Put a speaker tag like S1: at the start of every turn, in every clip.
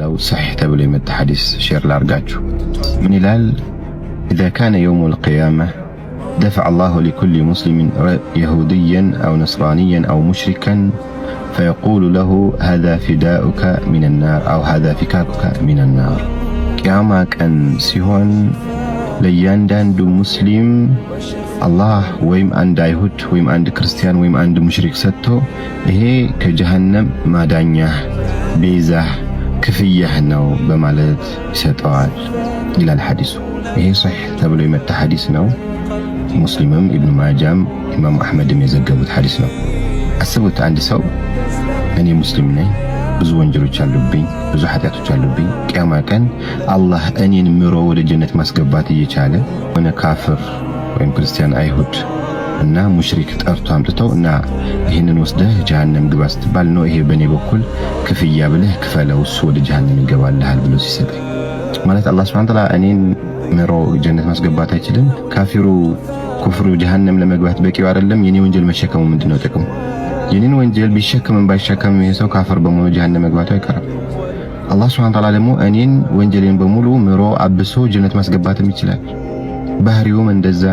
S1: ላለው ሰሒሕ ተብሎ የመጣ ሐዲስ ሼር ላርጋችሁ። ምን ይላል? ኢዛ ካነ የውም ልቅያማ ደፈዐ አላሁ ሊኩል ሙስሊምን የሁድያን አው ነስራንያን አው ሙሽሪከን ፈየቁሉ ለሁ ሃዛ ፊዳኡከ ሚንናር አው ሃዛ ፊካኩከ ሚንናር። ቅያማ ቀን ሲሆን ለእያንዳንዱ ሙስሊም አላህ ወይም አንድ አይሁድ ወይም አንድ ክርስቲያን ወይም አንድ ሙሽሪክ ሰጥቶ ይሄ ከጀሃነም ማዳኛህ ቤዛህ ክፍያህ ነው በማለት ይሰጠዋል ይላል ሐዲሱ። ይሄ ሰሒሕ ተብሎ የመጣ ሐዲስ ነው። ሙስሊምም ኢብኑ ማጃም ኢማሙ አሕመድም የዘገቡት ሐዲስ ነው። አስቡት፣ አንድ ሰው እኔ ሙስሊም ነኝ፣ ብዙ ወንጀሎች አሉብኝ፣ ብዙ ኃጢአቶች አሉብኝ። ቅያማ ቀን አላህ እኔን ምሮ ወደ ጀነት ማስገባት እየቻለ ሆነ ካፍር ወይም ክርስቲያን አይሁድ እና ሙሽሪክ ጠርቶ አምጥተው እና ይህንን ወስደህ ጀሃነም ግባ ስትባል ነው ይሄ በእኔ በኩል ክፍያ ብለህ ክፈለው እሱ ወደ ጀሃነም ይገባልሃል ብሎ ሲሰጠኝ ማለት አላህ ስብሐነ ወተዓላ እኔን ምሮ ጀነት ማስገባት አይችልም። ካፊሩ ኩፍሩ ጀሃነም ለመግባት በቂው አይደለም። የኔ ወንጀል መሸከሙ ምንድነው ጥቅሙ? የኔን ወንጀል ቢሸከምም ባይሸከምም ይሄ ሰው ካፈር በመሆኑ ጀሃነም መግባቱ አይቀርም። አላህ ስብሐነ ወተዓላ ደግሞ እኔን ወንጀሌን በሙሉ ምሮ አብሶ ጀነት ማስገባትም ይችላል። ባህሪውም እንደዛ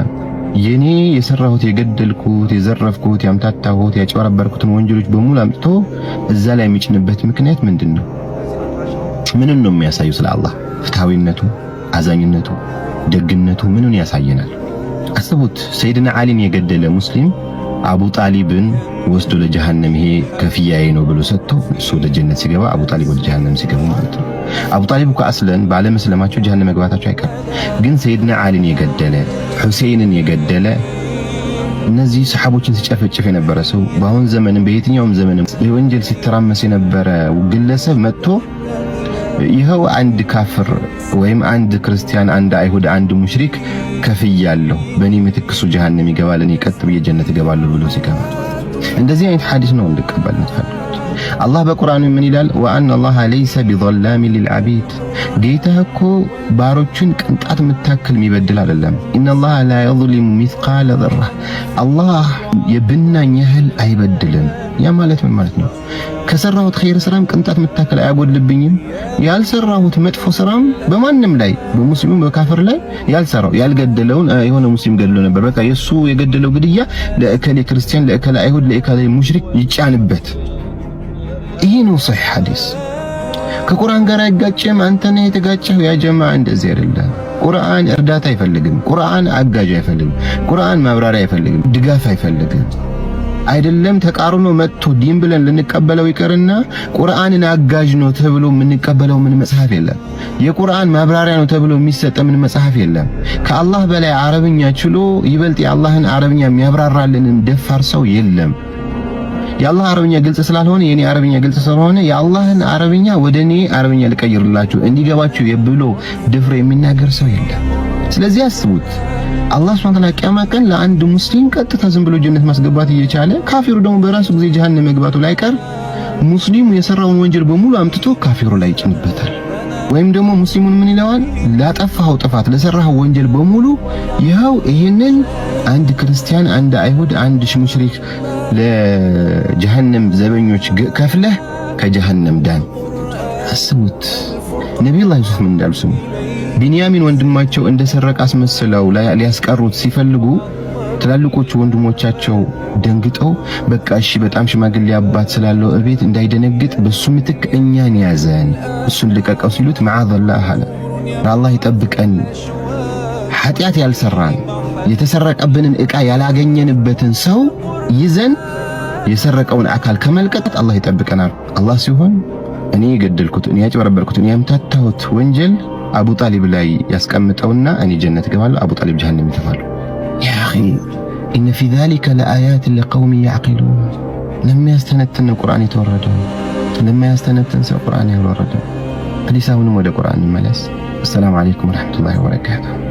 S1: የኔ የሰራሁት የገደልኩት፣ የዘረፍኩት፣ ያምታታሁት፣ ያጨበረበርኩትን ወንጀሎች በሙሉ አምጥቶ እዛ ላይ የሚጭንበት ምክንያት ምንድን ነው? ምንን ነው የሚያሳዩ? ስለ አላህ ፍትሐዊነቱ፣ አዛኝነቱ፣ ደግነቱ ምንን ያሳየናል? አስቡት፣ ሰይድና አሊን የገደለ ሙስሊም አቡ ጣሊብን ወስዶ ለጀሃነም ይሄ ከፍያዬ ነው ብሎ ሰጥቶ እሱ ወደ ጀነት ሲገባ አቡ ጣሊብ ወደ ጀሃነም ሲገቡ ማለት ነው። አቡ ጣሊብ እኮ አስለን ባለመስለማቸው ጀሃነም መግባታቸው አይቀርም። ግን ሰይድና አሊን የገደለ ሁሴይንን የገደለ እነዚህ ሰሓቦችን ሲጨፈጭፍ የነበረ ሰው በአሁን ዘመንም በየትኛውም ዘመንም የወንጀል ሲተራመስ የነበረ ግለሰብ መጥቶ ይኸው አንድ ካፍር ወይም አንድ ክርስቲያን፣ አንድ አይሁድ፣ አንድ ሙሽሪክ ከፍያለሁ፣ በእኔ ምትክሱ ጀሃነም ይገባል፣ እኔ ቀጥ ብዬ ጀነት እገባለሁ ብሎ ሲገባ እንደዚህ አይነት ሐዲስ ነው እንድቀበል የምትፈልጉት? አላህ በቁርአኑ ምን ይላል? ወአን አላህ ለይሰ ቢዘላሚ ልልዓቢድ ጌታ እኮ ባሮቹን ቅንጣት የምታክል የሚበድል አይደለም። ኢነላህ ላ የዝሊሙ ሚስቃለ ዘራ አላህ የብናኝ ያህል አይበድልም። ያ ማለት ምን ማለት ነው? ከሰራሁት ኸይር ስራም ቅንጣት መታከል አያጎድልብኝም። ያልሰራሁት መጥፎ ስራም በማንም ላይ በሙስሊሙ በካፍር ላይ ያልሰራው ያልገደለውን የሆነ ሙስሊም ገድሎ ነበር። በቃ የሱ የገደለው ግድያ ለእከሌ ክርስቲያን፣ ለእከሌ አይሁድ፣ ለእከሌ ሙሽሪክ ይጫንበት። ይሄ ነው ሰሂህ ሐዲስ። ከቁርአን ጋር አይጋጭም። አንተ ነህ የተጋጨህ። ያ ጀማዓ እንደዚህ አይደለም። ቁርአን እርዳታ አይፈልግም። ቁርአን አጋዥ አይፈልግም። ቁርአን ማብራሪያ አይፈልግም። ድጋፍ አይፈልግም። አይደለም ተቃርኖ መጥቶ ዲን ብለን ልንቀበለው ይቅርና ቁርአንን አጋዥ ነው ተብሎ የምንቀበለው ምን መጽሐፍ የለም። የቁርአን ማብራሪያ ነው ተብሎ የሚሰጠ ምን መጽሐፍ የለም። ከአላህ በላይ አረብኛ ችሎ ይበልጥ የአላህን አረብኛ የሚያብራራልንም ደፋር ሰው የለም። የአላህ አረብኛ ግልጽ ስላልሆነ የኔ አረብኛ ግልጽ ስለሆነ የአላህን አረብኛ ወደ እኔ አረብኛ ልቀይርላችሁ እንዲገባችሁ የብሎ ድፍሬ የሚናገር ሰው የለም። ስለዚህ አስቡት አላህ ሱብሃነሁ ወተዓላ ቂያማ ቀን ለአንድ ሙስሊም ቀጥታ ዝም ብሎ ጀነት ማስገባት እየቻለ ካፊሩ ደግሞ በራሱ ጊዜ ጀሃነም መግባቱ ላይ ቀር ሙስሊሙ የሰራውን ወንጀል በሙሉ አምጥቶ ካፊሩ ላይ ይጭንበታል። ወይም ደግሞ ሙስሊሙን ምን ይለዋል? ላጠፋኸው ጥፋት ለሰራኸው ወንጀል በሙሉ ይኸው ይህንን አንድ ክርስቲያን፣ አንድ አይሁድ፣ አንድ ሙሽሪክ ለጀሃነም ዘበኞች ከፍለህ ከጀሃነም ዳን። አስቡት ነቢዩላህ ዩሱፍ ምን እንዳሉ ስሙ። ቢንያሚን ወንድማቸው እንደሰረቀ አስመስለው ሊያስቀሩት ሲፈልጉ ትላልቆቹ ወንድሞቻቸው ደንግጠው በቃ እሺ፣ በጣም ሽማግሌ አባት ስላለው እቤት እንዳይደነግጥ በሱ ምትክ እኛን ያዘን እሱን ልቀቀው ሲሉት መዓዘላህ አለ አላህ ይጠብቀን። ኃጢአት ያልሰራን የተሰረቀብንን ዕቃ ያላገኘንበትን ሰው ይዘን የሰረቀውን አካል ከመልቀጥ አላህ ይጠብቀናል። አላህ ሲሆን እኔ የገደልኩት እኔ ያጭበረበርኩት እኔ ያምታታሁት ወንጀል አቡ ጣሊብ ላይ ያስቀምጠውና እኔ ጀነት እገባለሁ፣ አቡ ጣሊብ ጀሃነም ይተፋሉ። ያ አኺ ኢነ ፊ ዛሊከ ለአያት ለቀውም ያዕቂሉን። ለማያስተነትን ነው ቁርአን የተወረደው። ለማያስተነትን ሰው ቁርአን ያልወረደው። ሐዲስ አሁንም ወደ ቁርአን ይመለስ። አሰላሙ አለይኩም ወረሕመቱላሂ ወበረካቱሁ።